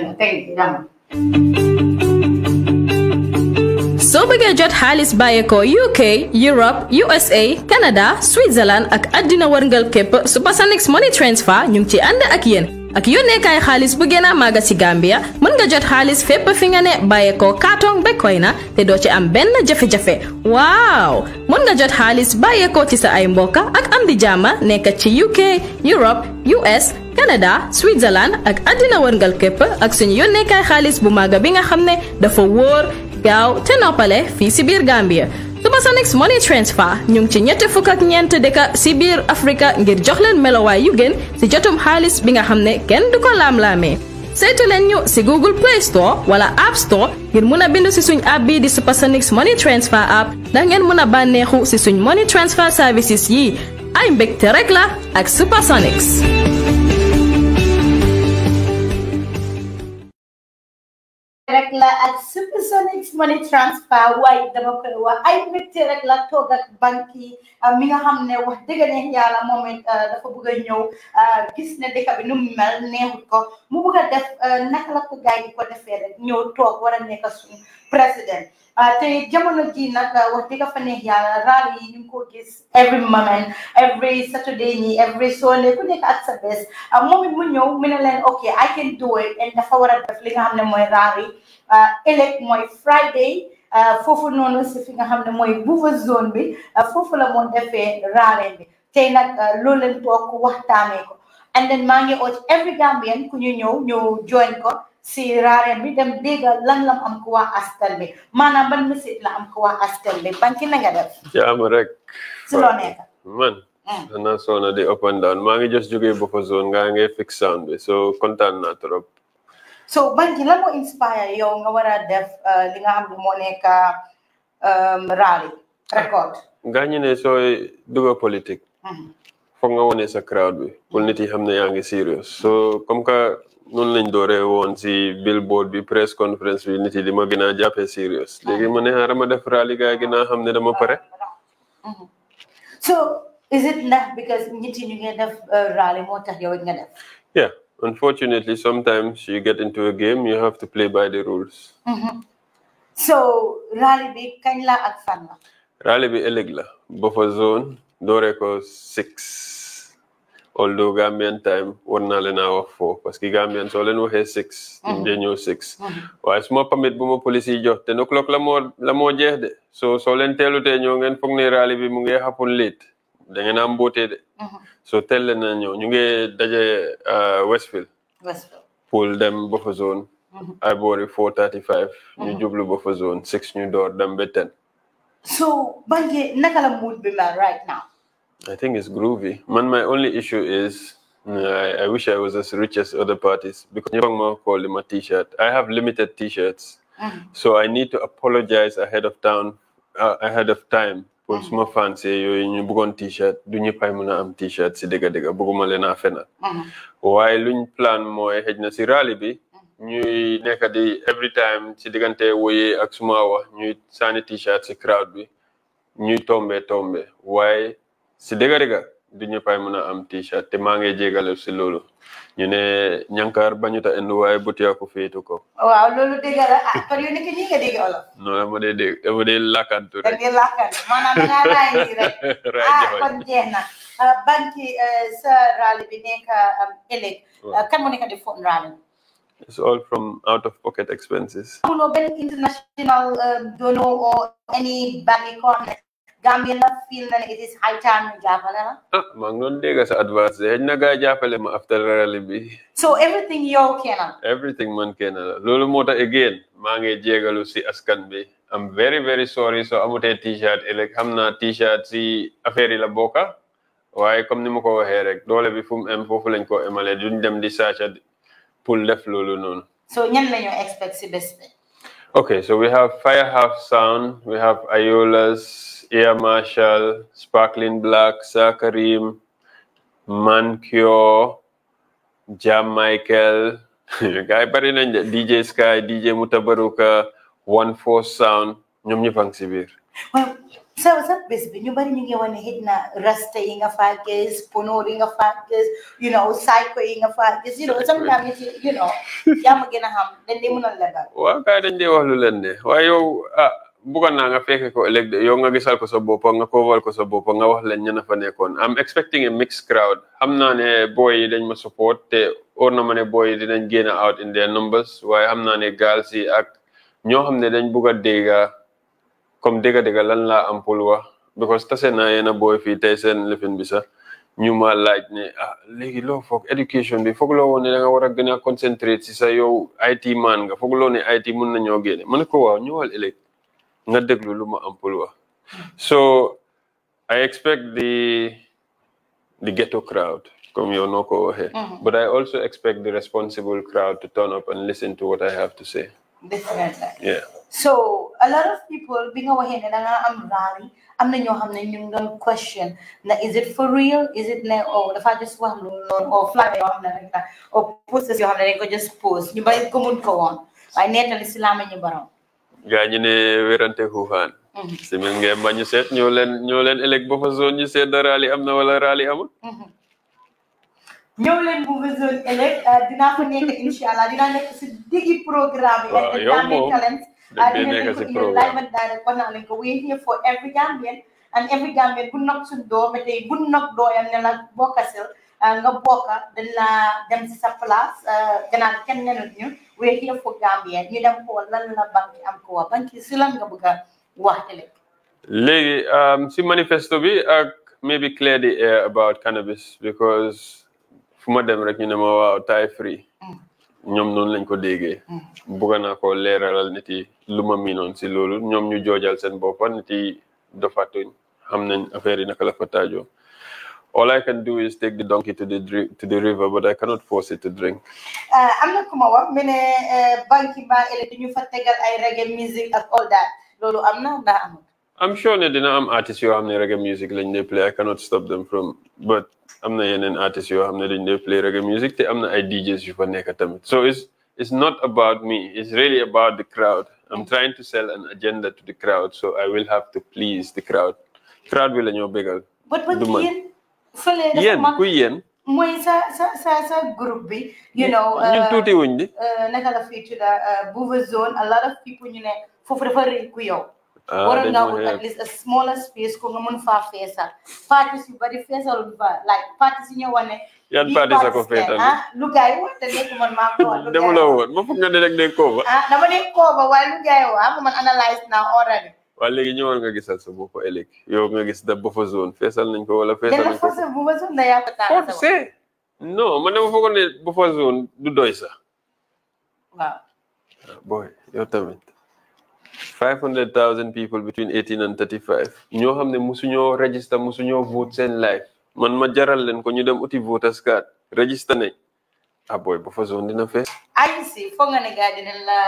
dana tey di dama soo bëggee jot xaalis bàyyeekoo UK Europe USA Canada Switzerland ak àddina wërngal képp su Supersonix Money Transfer ñu ngi ci ànd ak yéen ak yónneekaay xaalis bu gën a màgg ci Gambia mën nga jot xaalis fépp fi nga ne bàyyeekoo kaatong ba na te doo ci am benn jafe-jafe waaw mën nga jot xaalis bàyyeekoo ci sa ay mbokka ak am di jàmma nekk ci UK Europe US Canada Switzerland ak àddina wërngal képp ak suñu yónneekaay xaalis bu màgg bi nga xam ne dafa wóor gaaw te noppale fii si biir Gambia Sonic Money Transfer ñu ci ñetti Siber ak ñent deka ci biir Afrika ngir jox leen melowaay yu gën ci jottum xaaliss bi nga xamne kenn du ko lam lamé saytu leen ñu ci Google Play Store wala App Store ngir mëna bind bindu suñ app bi di Supersonix Money Transfer app da ngeen mëna a ci money transfer services yi ay mbégte rek la ak Supersonix. rek la ak electronic money transfer waaye dama koy ay mbégte rek la toog ak banque ah, mi nga xam wax dëgg neex yàlla moom ah, dafa bëgg ñëw ah, gis ne dëkk bi nu mel neexut ko mu bëgg def naka la ko gars ko defee rek ñëw toog war nekk suñu président te jamono ji nag wax dëgg fa neex yàlla raadu yi ñu ko gis every moment every saturday nii every sunday ku nekk ak sa bés moom mu ñëw mu ne leen ok I can do it and dafa war def li nga xam ne mooy raadu ëllëg mooy mooy Friday euh, foofu noonu si fi nga xam ne mooy Bouva zone bi euh, foofu la moo defee raareen bi tey nag euh, loolu leen toog waxtaanee ko and then maa ngi oot every Gambian ku ñu ñëw ñëw join ko si raareen bi dem dégga lan lam am ko waa askan bi maanaam ban message la am ko waa askan bi banki na nga def jaam rek si loo nekk man danaa mm. soona di up and down maa ngi just jógee Bouva zone ngaa ngay fix sound bi so kontaan naa trop So, man, lan mo inspire yung nga wara def uh, linga ang xam um, rally, record? Eh, eh, mm-hmm. Nga ñu so duga politik. politique, -hmm. nga wone sa crowd we. Eh. pour nit yi xam serious. So, comme que noonu lañ dooree woon si billboard bi press conference bi nit yi di ma gën a jàppee serious. Léegi mo ne xaaral def rally gaa gën a xam dama pare. -hmm. So, is it na because nit yi ñu ngi def uh, rally mo tax yow nga def? Yeah. unfortunately, sometimes you get into a game, you have to play by the rules. Mm -hmm. So, rally bi kañ la ak fan Rally bi ëllëg la, buffer zone, doore ko 6. Although Gambian time, one naa leen hour 4, parce que Gambian soo leen waxee 6, ñu mm-hmm. dee ñëw 6. Mm-hmm. Wa suma permit bu ma police yi jox, ten o'clock la mo la mo jehde. de. So, soo leen teelutee ñëw ngeen foog rally bi mu hapon late da ngeen mhm. a de. so tell leen na ñëw ñu ngi daje euh, Westfield. Westfield Pull them buffer zone. Mhm. I boori four thirty five. ñu mhm. jublu buffer zone six new door dem beten. so Banjie nakala la mood bi right now. I think it's groovy. Man, my only issue is I, I wish I was as rich as other parties because you know, call my t-shirt. I have limited t-shirts, so I need to apologize ahead of town, Uh, ahead of time pour suma fans yooyu ñu bëggoon t-shirt du ñëppay mën a am t-shirt si dëgg dëgg bëgguma leen a fenal mhm. waaye luñ plan mooy xëj na si rally bi mhm. ñuy nekk di every time si diggante woye ak suma wax ñuy sànni t-shirt si crowd bi ñuy tombe tombe waaye si dëgg dëgg duñu ñëppay mëna am t-shirt té ma ngay jégalé ci lolu ñu ne ñankaar bañuta indi bu butiya ko fétu ko waaw lolu dégal la ah kon yow nekk ñi nga dégg wala non dama dégg dama dee lakkantu rek dama dee lakkantu da ngaa raay rek ah kon na ah, banki eh, sa rally bi am élé ah, kan moo nekk di phone rally It's all from out of pocket expenses. International eh, donor or any bank account Gambia na feel na it is high time you jàppale la. ah maa ngi doon dégg sa advice xëy na gaa jàppale ma after rally bi. so everything yow kenn. everything man kenn la loolu moo again Mangi ngi jégalu si askan bi am very very sorry so amutee t-shirt ëllëg eh, xam naa t-shirt si affaire la boka. waaye comme ni ma ko waxee rek doole bi fu mu em foofu lañ ko emale duñ dem di saaca pour def loolu noonu. so ñan lañu expect si bés okay so we have Firehouse Sound we have Ayolas. Air ya, Marshal, Sparkling Black, Sakarim, Mancure, Jam Michael, gay bari nañ DJ Sky, DJ Mutabaruka, One Force Sound, ñom ñu fang ci biir. sa sa bés bi ñu bari ñu ngi wane xit na rasta yi nga faa gis yi nga you know psycho yi nga you know sometimes you know yama ma gën a xam dañ dee mënoon la dal. waaw kaa dañ dee wax lu leen ne waaye yow ah bëggoon naa nga fekke ko ëllëg yow nga gisal ko sa bopp nga kooval ko sa bopp nga wax leen ña na fa nekkoon am expecting a mixed crowd xam naa ne boy yi dañ ma support te óor na ma ne boy yi dinañ génn out in their numbers waaye xam naa ne gaal si ak ñoo xam ne dañ bugg a dégga comme dégga lan laa am pour wax because tase naa yéen a booy fii tey seen lefin bi sax ñu ma laaj ne ah léegi loo foog éducation bi foog loo woon ne da nga war a gën a concentrate si sa yow IT man nga foog loo ne IT mun nañoo génne ma ne ko waaw ñëwal nga lu ampul wax so I expect the the ghetto crowd comme yow noo ko waxee but I also expect the responsible crowd to turn up and listen to what I have to say definitely yeah so a lot of people bi nga waxee ne da nga am rally am na ñoo xam ne ñu ngi question na is it for real is it ne oh dafa just wax loolu noonu or oh, flag yoo oh, xam ne rek or oh, posters yoo xam ne dañ ko just post ñu bari ko mun ko woon waaye nettali si laa ma ñu borom gaa ñi ne werante xuuxaan mhm. simil ngeen ba seet ñoo leen ñoo leen élec ba fa zone ñu seet da raali am na wala raali amul mhm. ñëw leen fa zone élec ah, dinaa ko nekk incha allah dinaa nekk si diggi programme yi waaw yow moom dafay ah, nekk si programme yi ko we're here for every Gambian and every Gambian bu Ah, nga bokka dañ la dem si sa place ah, gannaaw kenn nenut ñu we're here for Gambia ñu dem xool lan la banque am ko wa si lan nga bëgg a waxtale léegi um, si manifesto bi ak maybe clear the air about cannabis because fu ma dem rek ñu ne ma waaw taay free mm. ñoom noonu lañ ko dégge mm. bëgg naa ko leeralal nit yi lu ma miinoon si loolu ñoom ñu joojal seen boppa nit yi dofatuñ xam nañ affaire yi naka la fa taajoo all I can do is take the donkey to the to the river, but I cannot force it to drink. Uh, i am not coming up. wax banki banque du ñu fa ay reggae music ak all that loolu am na ndax amul. I'm sure ne i am artist yoo xam reggae music when they play I cannot stop them from but i am not an artist yoo xam ne dañ dee play reggae music i am na ay DJs yu fa nekk tamit so it's it's not about me it's really about the crowd I'm trying to sell an agenda to the crowd so I will have to please the crowd crowd bi la ñoo bégal. du man fële yéen ku yéen mooy sa sa sa sa bi you know ñun euh, tuuti wuñ di euh, naka la fii tudda euh, Bouva zone a lot of people ñu ne foofu dafa rëy ku yow ah, waroon nga wut at least a smaller space ko ma mën faa feesal parties bari feesalul like parties yi ñu wane yan parti sa ko feetal ah, lu gaay wax te nekk man maa ko wax demuloo woon ma foog nga ah, waaye lu gaay wax ma man analyse naa already waaye léegi ñëwal nga gisal sa bopp ëllëg yo nga gis dab ba fa zone feesal nañ ko wala feesal nañ ko forcé non man dama foogoon ne ba zone du doy sax waaw ah, boy yow tamit five hundred thousand people between eighteen and thirty five ñoo xam ne musuñoo register musuñoo vote seen life man ma jaral leen ko ñu dem uti voters card register nañ ah boy ba zone dina fees IEC fo nga ne gadi ne la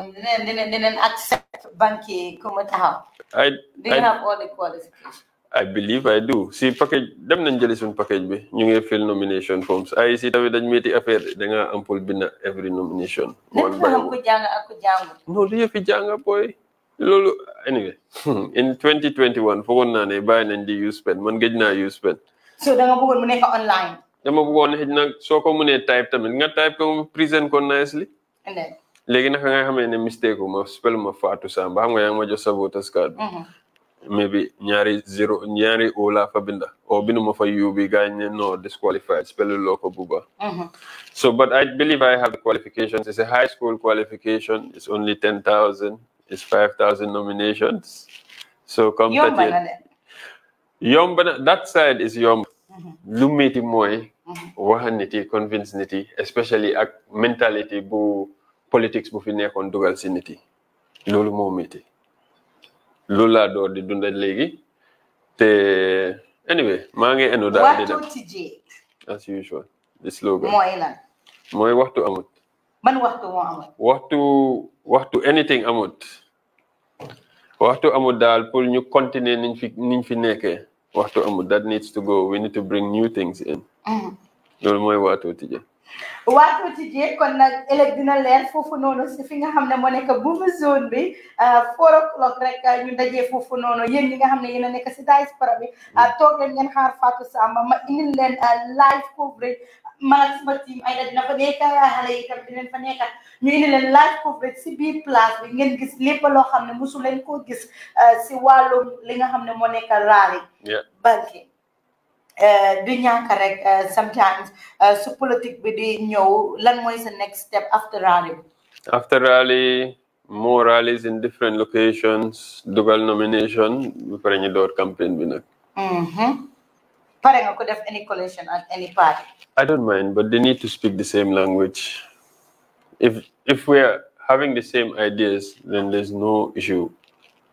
um, ne ne accept banki, yi ku taxaw. I do have all the qualifications. I believe I do. Si package dem nañ jëli sun package bi ñu ngi fill nomination forms. IEC tamit dañ metti affaire da nga am pour every nomination. One by one. jang ak ku No li boy. Lolu anyway in 2021 won na ne bay nañ di use pen man gëj use pen. So da nga bëggoon mu nekk online. dama bëggoon xëj na soo ko mënee type tamit nga type ko mu present ko nicely léegi naka nga xamee ne mistake ma spell ma Fatou Samba xam nga yaa ngi ma jox sa voters card mais bi mm-hmm. ñaari zéro ñaari o laa fa binda o bindu ma fa bi disqualified spell loo ko buba mm-hmm. so but I believe I have the qualifications it's a high school qualification it's only ten thousand it's five thousand nominations so come yomb na that side is yomb mm-hmm. lu métti mooy Mm-hmm. waxa nit yi convince nit yi especially ak mentalité bu politics bu fi nekkoon dugal si nit yi loolu moo métti loolu laa door di dunda léegi te anyway maa ngi enu daal di dem as usual di mooy waxtu amut ban waxtu moo amut waxtu waxtu anything amut waxtu amut daal pour ñu continuer niñ fi niñ fi nekkee Um, that needs to go we need to bring new things in. Mm. loolu waa quotidien kon nag ëllëg dina leer foofu noonu si fi nga xam ne moo nekk boobu zone bi euh, four o'clock rek euh, ñu dajee foofu noonu yéen ñi nga xam ne yéen a nekk si diaspora bi hmm. euh, toog leen ngeen xaar Fatou Samba ma indil leen live coverage man ak sama team ay dina fa nekk xale yi tam dinañ fa si biir place bi ngeen gis lépp loo xam ne mosu leen koo gis si wàllum li nga xam ne moo nekk raari banque Eh, du ñàkk eh, sometimes eh, so politique bi di ñëw lan the sa next step after rally after rally more rallies in different locations dugal nomination ba pare ñu door campaign bi nag mm-hmm. pare nga ko def any coalition at any party I don't mind but they need to speak the same language if if we're having the same ideas then there's no issue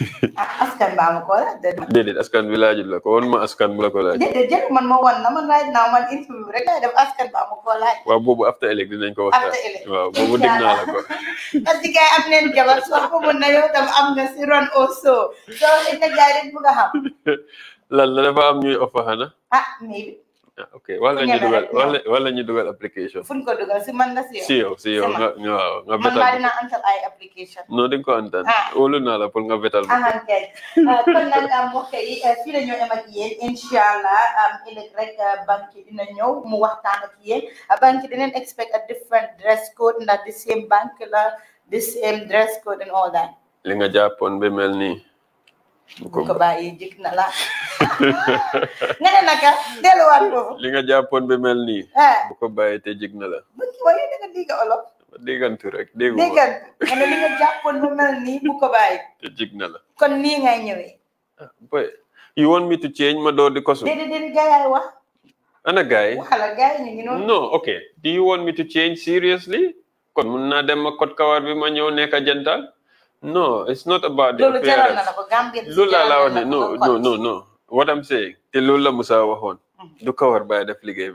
askan baa ma ko laaj askan bi la ko woon ma askan bu la ko laaj déedéet man ma woon man laaj naa man interview rek laay def askan baa ma ko waaw boobu after elek dinañ ko waxtaan waaw boobu dégg naa la ko parce am neen jabar soo ko na yow am nga si o so soo xëy na jaay bu nga xam lan la dafa am ñuy offer ok wala ñu dugal wala wala ñu dugal application. fu ñu ko dugal si man la si yow. si yow nga nga betal. man maa dina antal ay application. non di nga ko antal. Ah. wóolu naa la pour nga betal. ah, ah kay kon nag mbokk yi fii la ñu dem ak yéen incha allah ëllëg rek banque dina ñëw mu waxtaan ak yéen banque dinañ expect a different dress code ndax the same bank la the same dress code and all that. li nga jàppoon ba mel nii. ko bàyyi jik na la nga ne naka delluwaat foofu li teh jàppoon bi mel nii eh. bu ko bàyyi te jig na la waaye da nga dégg olof kan rek kon kan, ah, you want me to change my door di kosu déedéet déedéet gaayaay wax ana gaay waxala gaay no okay. do you want me to change seriously kon mun dema dem kot kawar bimanyo neka ñëw No, it's not about the appearance. Lula laa no no no no what I'm saying the lula la Moussa waxoon du mm-hmm. kawar bàyyi def liggéey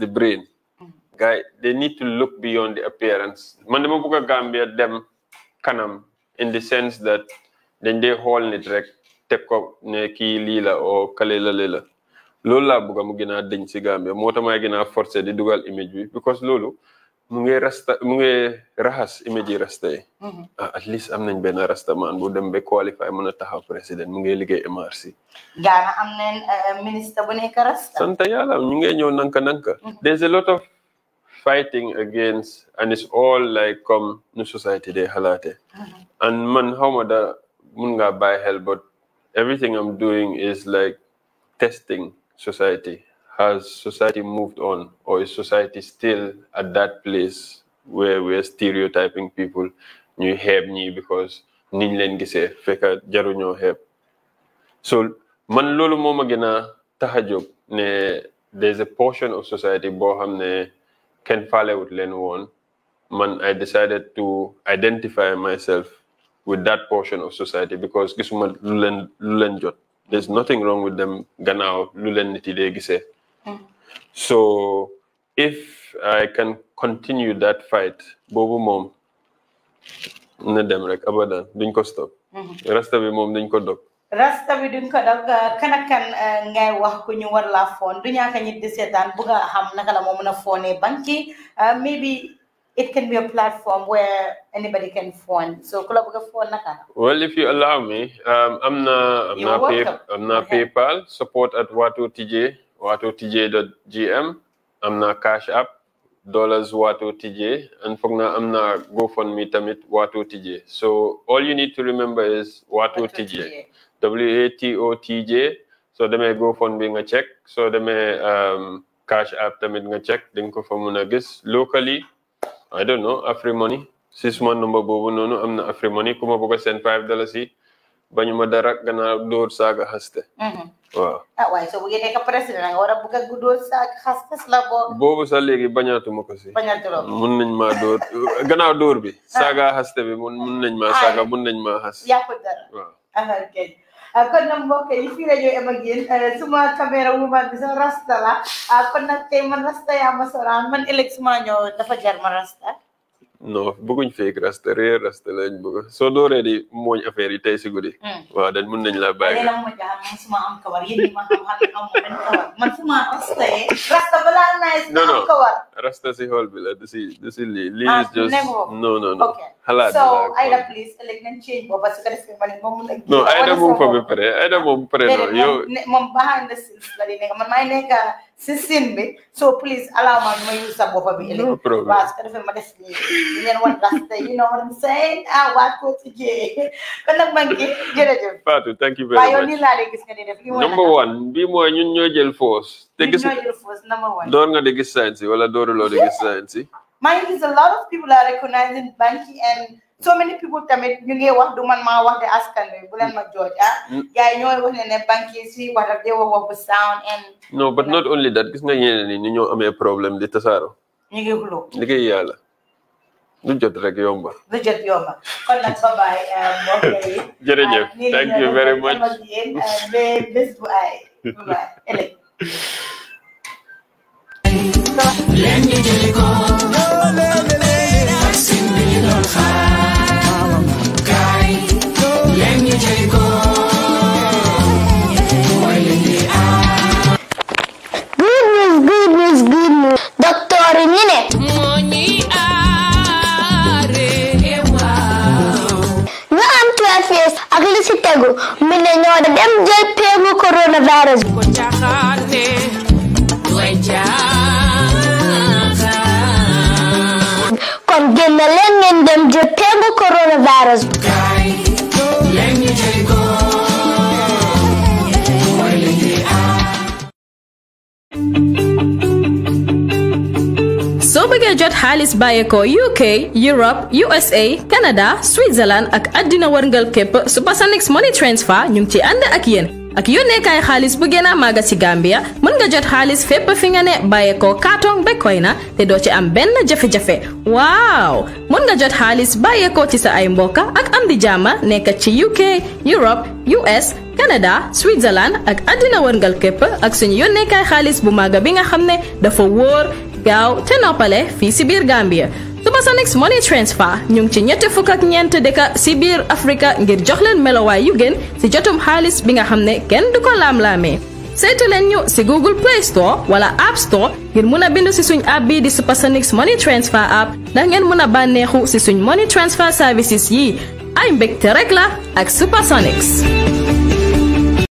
the brain mm-hmm. Guy, they need to look beyond the appearance man dama bëgg a Gambia them kanam in the sense that dañ they hold nit rek teg ko ne ki lila or oo lila. Lula, lee la loolu laa bëgg mu gën a dëñ si Gambia moo tax may forcé the dual image because lulu. mu ngi rasta mu ngi raxas image yi rasta yi mm-hmm. ah, at least am nañ benn rastaman bu dem ba qualify mën a taxaw président mu ngi liggéey MRC Ghana am nañ eh, ministre bu nekk rasta sant yàlla ñu ngi ñëw nanka nanka mm-hmm. there's a lot of fighting against and it's all like comme nu society de xalaate mm-hmm. and man xaw da mun ngaa bàyyi xel but everything I'm doing is like testing society has society moved on or is society still at that place where we're stereotyping people You help me because niñ leen gisee fekk jaruñoo help. so man loolu moo ma gën ne there's a portion of society boo xam ne Fale faalewut leen woon man I decided to identify myself with that portion of society because gisuma lu leen lu jot there's nothing wrong with them ganaw lu leen nit so if I can continue that fight, Bobo mom, na dem rek abadan duñ ko stop. Mhm. Rasta bi mom duñ ko dog. Rasta bi duñ ko dog kana kan eh, ngay wax ku ñu war la fon du ñaka ñit di sétane bu nga xam naka la mo mëna foné banki eh, maybe it can be a platform where anybody can phone. So Kulabuga phone naka. Well, if you allow me, um, I'm na I'm na, pay, I'm na okay. PayPal support at Watu TJ watotj.gm am naa cash app dollars watotj and foog i am naa gofundme tamit watotj so all you need to remember is watotj w a t o t j so demee gofundme a check so they may um, cash app tamit a check di go for fa mun locally i don't know afri money six month number no. i am na afri money Kuma ma bëgg send five dollars yi bañu ma dara gannaaw dóor saaga xaste mm-hmm. waaw ah, boobu. boobu sax léegi bañaatuma ko si. mun nañ maa dóor gannaaw dóor bi. Ah. saaga xaste bi mun nañ maa ah. saaga mun nañ maa xas. yaa ko dara waaw. kon nag mbokk yi eh, rasta yaa ma soraan man ëllëg suma ñëw dafa jar ma rasta. non bëgguñ fake rasta réer rasta lañ bëgg soo dooree di mooñ affaire yi tey si guddi. Hmm. waaw dañ mun nañ la bàyyi. ma jaaxal ma am kawar yéen ñi ma xam kawar ma rasta kawar. rasta si xool bi la du si ah, just non non non. xalaat so Aida please léegi nañ change boobu parce que def ma ne moom la. non Aida pare Aida moom pare na si la di nekk man maay nekk system bi so please allow me to use some of my ëllëg waaw su ko defee ma def you know what I'm saying ah what could ci jee kon nag ma ngi jërëjëf Fatou thank you very much waaw number one bi mooy ñun ñoo jël force Take gis ñoo jël force number one door nga de gis science I don't loo de gis science yi maa a lot of people are recognizing Banky and so many people tamit ñu ngi wax du man ma wax de askan bi bu len ma jooj ah gars ñoy wax ne ne yi si wax daf dee wax sound and no but not only that gis nga ñeneen ni ñu ñoo amé problème di tassaro ñi ngi xuloo liggéey yalla du jot rek yomba du jot yomba kon nak bye bye eh, mbokk yi jërëjëf ah, thank you very much eh, bye bye bye ëllëg leen ñu jëli ko péegu mu ne ñoo da dem jël péegu coronavirus kon génn leen ngeen dem jël péegu coronavirus xaalis bàyyeekoo UK Europe USA Canada Switzerland ak àddina wërngal képp Supersonix Money Transfer ñu ngi ci ànd ak yéen ak yónneekaay xaalis bu gën a màgg ci Gambia mën nga jot xaalis fépp fi nga ne bàyyeekoo kaatong ba na te doo ci am benn jafe-jafe waaw mën nga jot xaalis bàyyeekoo ci sa ay mbokka ak am di jaama nekk ci UK Europe US Canada Switzerland ak àddina wërngal képp ak suñu yónneekaay xaalis bu màgg bi nga xam ne dafa wóor gaaw te noppale fii si biir Gambia Supersonix Money Transfer ñu ngi ci ñetti fukk ak ñent dëkk si biir Afrika ngir jox leen melowaay yu gën si jotum xaalis bi nga xam ne kenn du ko laam-laamee saytu leen ñu si Google Play Store wala App Store ngir mun a bind si suñ app bii di Supersonix Money Transfer app ndax ngeen mun a bànneexu si suñ money transfer services yi ay mbégte rek la ak Supersonix.